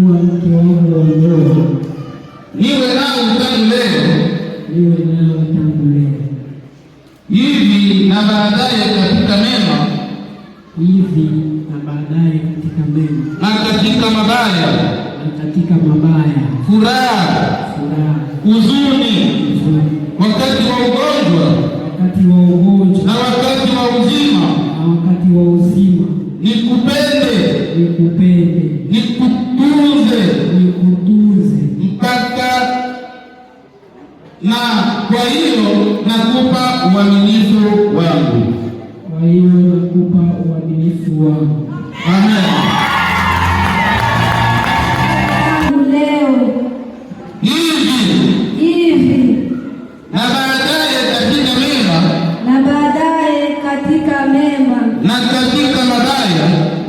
kuwa mke wangu wa ndoa. Niwe nawe tangu leo, niwe nawe tangu leo hivi na baadaye katika mema, hivi na baadaye katika mema, na katika mabaya, na katika mabaya, furaha, furaha, huzuni kwa hiyo nakupa uaminifu wangu, kwa hiyo nakupa uaminifu wangu. Amen. na baadaye katika furaha na baadaye katika mema na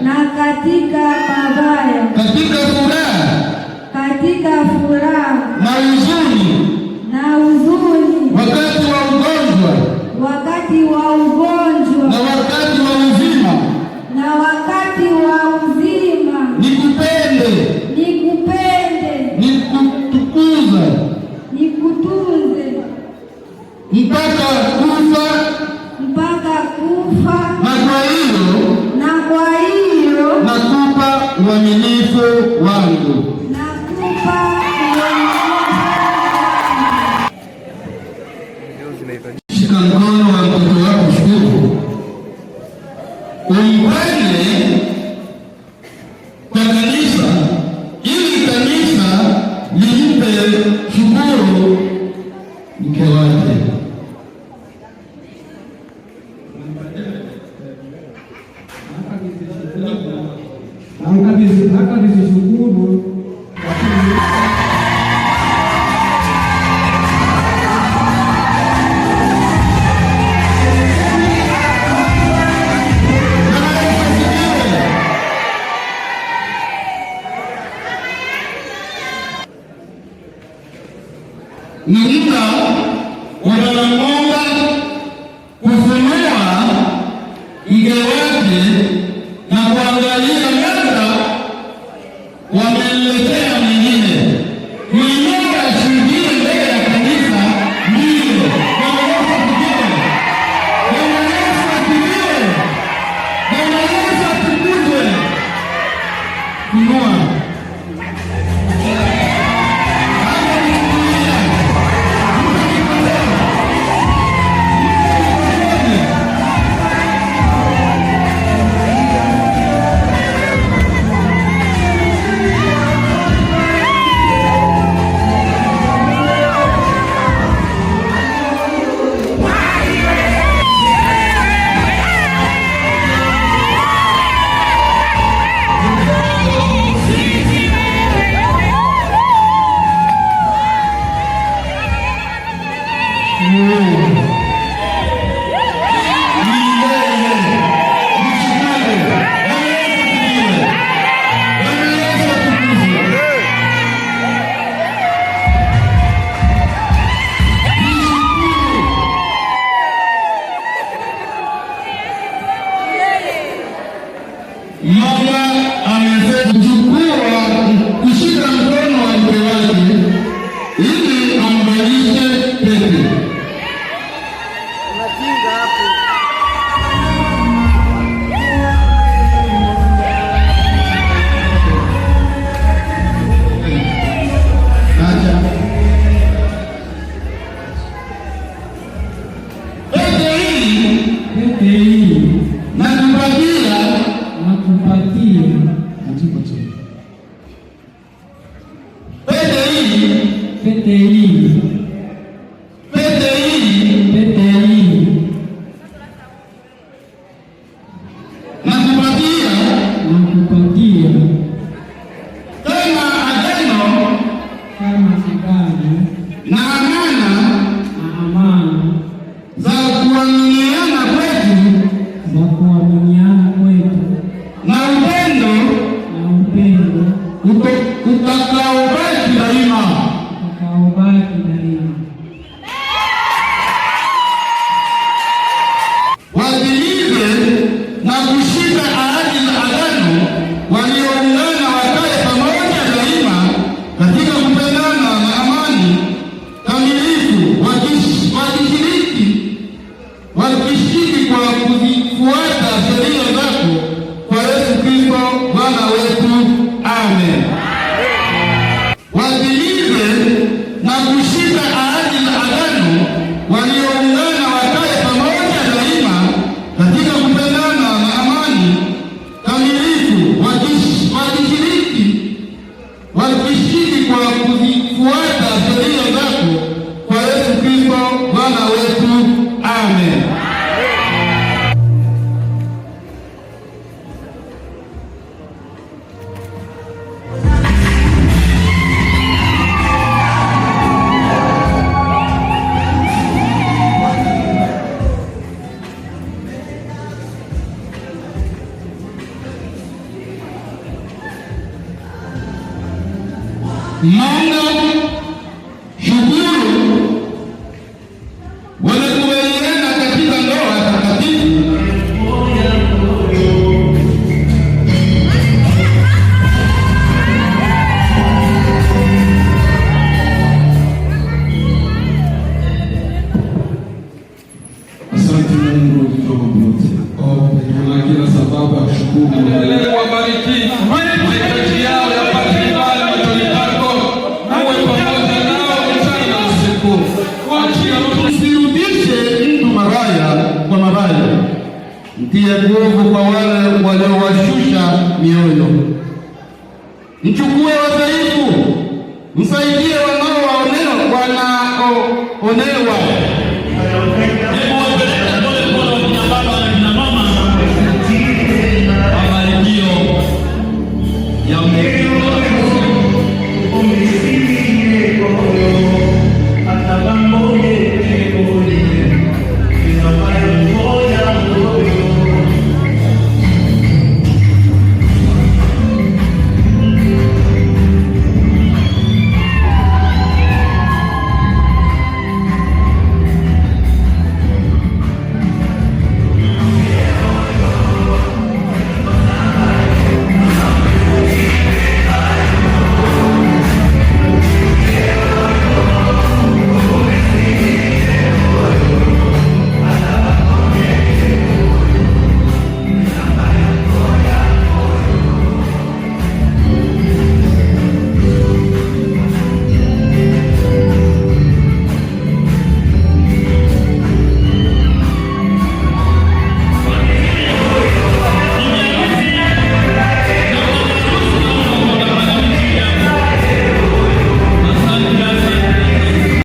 na katika uaminifu wangu. Lua. wakishiriki kwa kuzifuata sheria zako kwa Yesu Kristo Bwana wetu. Amen. mangled, he mtie nguvu kwa wale waliowashusha mioyo. Mchukue wadhaifu, msaidie wanaoonewa